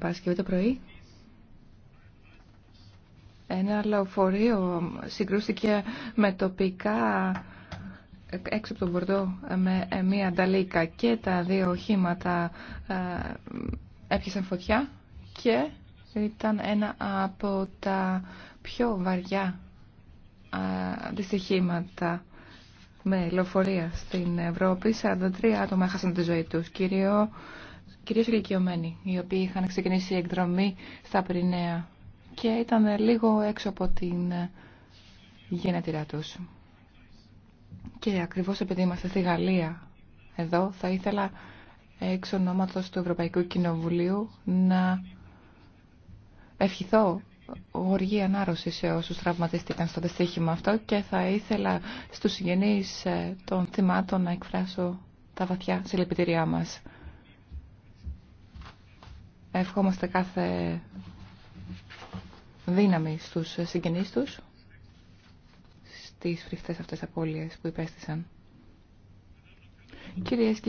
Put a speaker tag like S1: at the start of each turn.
S1: Παρασκευή το πρωί ένα λεωφορείο συγκρούστηκε με τοπικά έξω από τον Μπορντό με μία ανταλίκα και τα δύο οχήματα ε, έπιασαν φωτιά και ήταν ένα από τα πιο βαριά ε, δυστυχήματα με λεωφορεία στην Ευρώπη. 43 άτομα έχασαν τη ζωή τους, κυρίω, κυρίως ηλικιωμένοι, οι οποίοι είχαν ξεκινήσει εκδρομή στα Πρινέα και ήταν λίγο έξω από την γενετηρά τους. Και ακριβώς επειδή είμαστε στη Γαλλία εδώ, θα ήθελα εξ ονόματος του Ευρωπαϊκού Κοινοβουλίου να ευχηθώ γοργή ανάρρωση σε όσους τραυματίστηκαν στο δυστύχημα αυτό και θα ήθελα στους συγγενείς ε, των θυμάτων να εκφράσω τα βαθιά συλληπιτήριά μας. Ευχόμαστε κάθε δύναμη στους συγγενείς τους στις φρικτές αυτές απώλειες που υπέστησαν. Κυρίες και